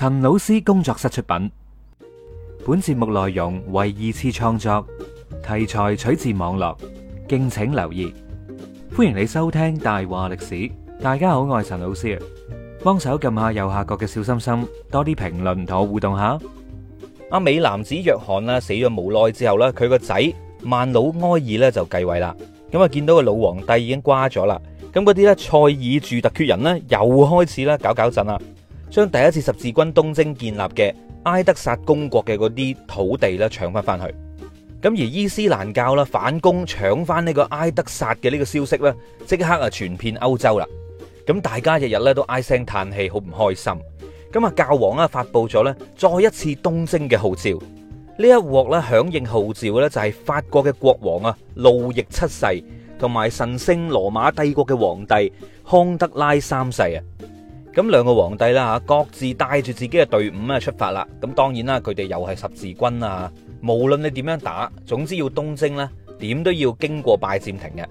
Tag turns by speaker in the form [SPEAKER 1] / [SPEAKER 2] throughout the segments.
[SPEAKER 1] 陳老師工作室出品，本節目內容為二次創作，題材取自網絡，敬請留意。歡迎你收聽《大話歷史》。大家好，我係陳老師啊！幫手撳下右下角嘅小心心，多啲評論同我互動下。阿美男子約翰啊，死咗無耐之後咧，佢個仔曼努埃爾咧就繼位啦。咁啊，見到個老皇帝已經瓜咗啦，咁嗰啲咧塞爾柱突厥人咧又開始啦搞搞震啦。將第一次十字軍東征建立嘅埃德薩公國嘅嗰啲土地咧搶翻翻去，咁而伊斯蘭教啦反攻搶翻呢個埃德薩嘅呢個消息呢即刻啊傳遍歐洲啦，咁大家日日咧都唉聲嘆氣，好唔開心，咁啊教皇啊發布咗呢再一次東征嘅號召，呢一鑊呢響應號召呢，就係法國嘅國王啊路易七世，同埋神聖羅馬帝國嘅皇帝康德拉三世啊。咁兩個皇帝啦吓，各自帶住自己嘅隊伍啊出發啦。咁當然啦，佢哋又係十字軍啊。無論你點樣打，總之要東征呢，點都要經過拜占庭嘅。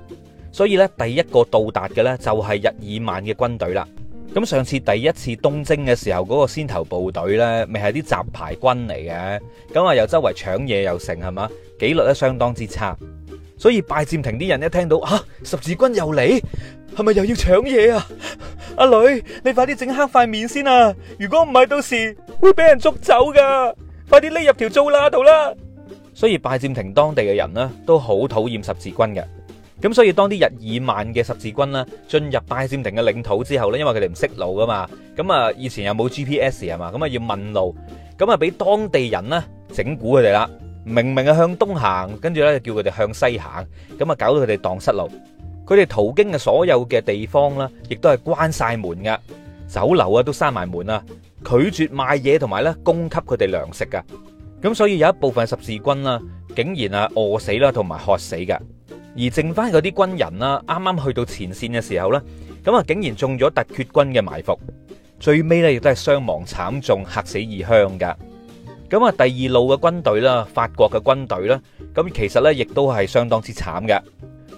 [SPEAKER 1] 所以呢，第一個到達嘅呢，就係日耳曼嘅軍隊啦。咁上次第一次東征嘅時候，嗰個先頭部隊呢，咪係啲雜牌軍嚟嘅？咁啊，又周圍搶嘢又成，係嘛紀律咧相當之差。所以拜占庭啲人一聽到吓、啊、十字軍又嚟，係咪又要搶嘢啊？阿女，你快啲整黑塊面先啊！如果唔係，到時會俾人捉走噶。快啲匿入條糟瘌度啦！所以拜占庭當地嘅人呢，都好討厭十字軍嘅。咁所以當啲日耳曼嘅十字軍呢，進入拜占庭嘅領土之後呢，因為佢哋唔識路噶嘛，咁啊以前又冇 GPS 係嘛，咁啊要問路，咁啊俾當地人呢整蠱佢哋啦，明明係向東行，跟住呢叫佢哋向西行，咁啊搞到佢哋蕩失路。佢哋途經嘅所有嘅地方呢，亦都係關晒門噶酒樓啊都閂埋門啊，拒絕賣嘢同埋呢供給佢哋糧食噶。咁所以有一部分十字軍啦，竟然啊餓死啦，同埋渴死噶。而剩翻嗰啲軍人啦，啱啱去到前綫嘅時候呢，咁啊竟然中咗突厥軍嘅埋伏，最尾呢亦都係傷亡慘重，吓死異鄉噶。咁啊第二路嘅軍隊啦，法國嘅軍隊啦，咁其實呢亦都係相當之慘噶。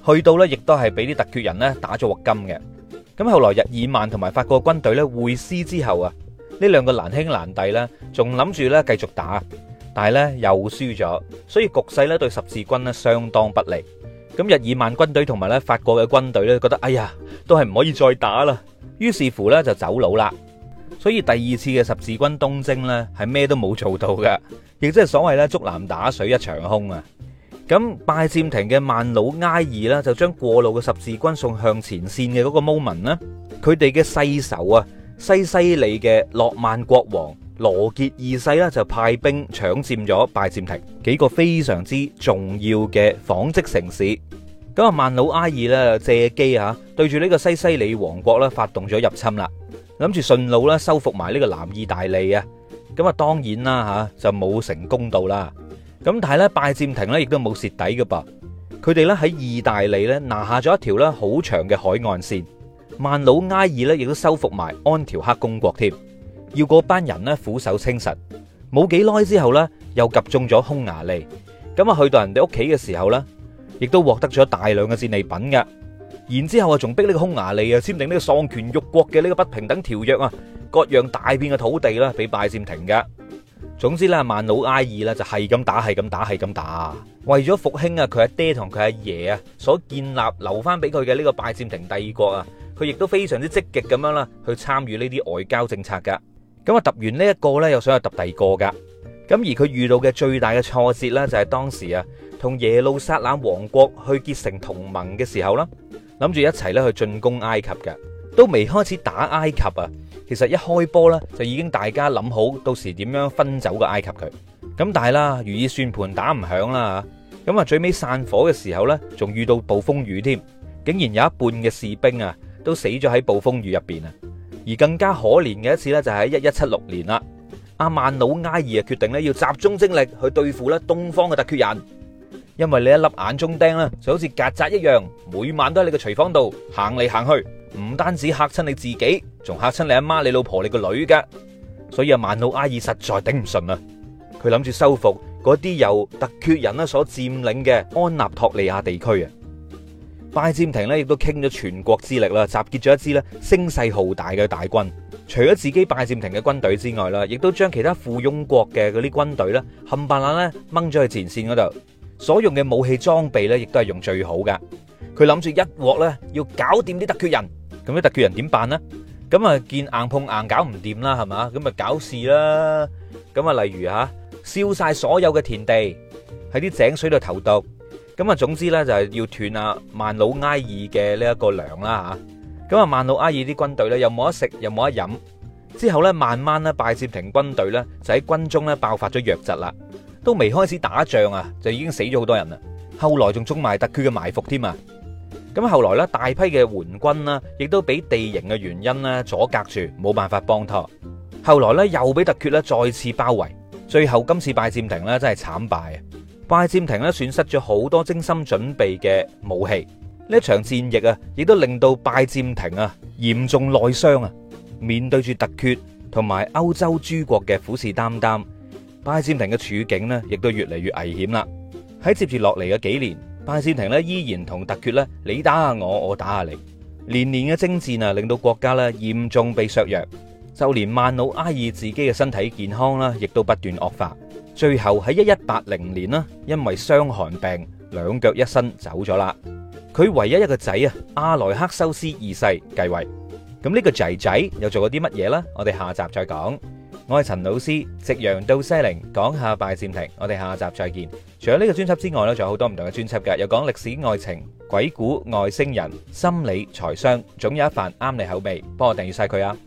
[SPEAKER 1] 去到呢，亦都係俾啲突厥人呢打咗鑊金嘅。咁後來日耳曼同埋法國軍隊呢會師之後啊，呢兩個難兄難弟呢仲諗住呢繼續打，但係呢又輸咗，所以局勢呢對十字軍呢相當不利。咁日耳曼軍隊同埋呢法國嘅軍隊呢，覺得，哎呀，都係唔可以再打啦。於是乎呢就走佬啦。所以第二次嘅十字軍東征呢，係咩都冇做到嘅，亦即係所謂呢「竹籃打水一場空」啊！咁拜占庭嘅曼努埃爾啦，就將過路嘅十字軍送向前線嘅嗰個 moment 啦，佢哋嘅世仇啊，西西里嘅諾曼國王羅傑二世啦，就派兵搶佔咗拜占庭幾個非常之重要嘅紡織城市。咁啊，曼努埃爾咧借機啊，對住呢個西西里王國啦發動咗入侵啦，諗住順路啦收復埋呢個南意大利啊。咁啊，當然啦吓，就冇成功到啦。咁但係咧，拜占庭咧亦都冇蝕底噶噃，佢哋咧喺意大利咧拿下咗一條咧好長嘅海岸線，曼努埃爾咧亦都收復埋安條克公國添，要嗰班人咧俯首稱臣，冇幾耐之後咧又及中咗匈牙利，咁啊去到人哋屋企嘅時候咧，亦都獲得咗大量嘅戰利品嘅，然之後啊仲逼呢個匈牙利啊簽訂呢個喪權辱國嘅呢個不平等條約啊，割讓大片嘅土地啦俾拜占庭嘅。總之咧，曼努埃爾咧就係咁打，係咁打，係咁打。為咗復興啊，佢阿爹同佢阿爺啊所建立留翻俾佢嘅呢個拜占庭帝國啊，佢亦都非常之積極咁樣啦，去參與呢啲外交政策噶。咁啊，揼完呢一個咧，又想去揼第二個噶。咁而佢遇到嘅最大嘅挫折呢，就係當時啊，同耶路撒冷王國去結成同盟嘅時候啦，諗住一齊咧去進攻埃及嘅。都未開始打埃及啊，其實一開波呢，就已經大家諗好，到時點樣分走個埃及佢咁，但係啦如意算盤打唔響啦吓，咁啊，最尾散火嘅時候呢，仲遇到暴風雨添，竟然有一半嘅士兵啊都死咗喺暴風雨入邊啊，而更加可憐嘅一次呢，就喺一一七六年啦，阿曼努埃爾啊決定呢，要集中精力去對付咧東方嘅突厥人，因為你一粒眼中釘咧就好似曱甴一樣，每晚都喺你嘅廚房度行嚟行去。唔單止嚇親你自己，仲嚇親你阿媽、你老婆、你個女噶，所以阿曼努埃爾實在頂唔順啊！佢諗住收復嗰啲由特厥人咧所佔領嘅安納托利亞地區啊！拜占庭呢亦都傾咗全國之力啦，集結咗一支咧聲勢浩大嘅大軍。除咗自己拜占庭嘅軍隊之外啦，亦都將其他附庸國嘅嗰啲軍隊咧冚唪唥咧掹咗去前線嗰度，所用嘅武器裝備咧亦都係用最好噶。佢諗住一鑊咧要搞掂啲特厥人。咁啲突厥人點辦咧？咁啊見硬碰硬搞唔掂啦，係嘛？咁啊搞事啦！咁啊例如吓燒晒所有嘅田地，喺啲井水度投毒。咁啊總之咧就係要斷啊曼努埃爾嘅呢一個糧啦吓。咁啊曼努埃爾啲軍隊咧又冇得食又冇得飲，之後咧慢慢咧拜占庭軍隊咧就喺軍中咧爆發咗瘧疾啦，都未開始打仗啊就已經死咗好多人啦。後來仲中埋突厥嘅埋伏添啊！咁後來咧，大批嘅援軍啦，亦都俾地形嘅原因啦阻隔住，冇辦法幫托。後來咧，又俾特厥咧再次包圍，最後今次拜占庭咧真係慘敗啊！拜占庭咧損失咗好多精心準備嘅武器，呢一場戰役啊，亦都令到拜占庭啊嚴重內傷啊！面對住特厥同埋歐洲諸國嘅虎視眈眈，拜占庭嘅處境咧亦都越嚟越危險啦！喺接住落嚟嘅幾年。拜占庭咧依然同突厥咧你打下我，我打下你，年年嘅征戰啊，令到國家咧嚴重被削弱，就連曼努埃爾自己嘅身體健康啦，亦都不斷惡化。最後喺一一八零年啦，因為傷寒病，兩腳一伸走咗啦。佢唯一一個仔啊，阿萊克修斯二世繼位。咁呢個仔仔又做過啲乜嘢呢？我哋下集再講。我係陳老師，夕陽到西陵講下拜占庭，我哋下集再見。除咗呢個專輯之外咧，仲有好多唔同嘅專輯嘅，有講歷史、愛情、鬼故、外星人、心理、財商，總有一份啱你口味。幫我訂閱晒佢啊！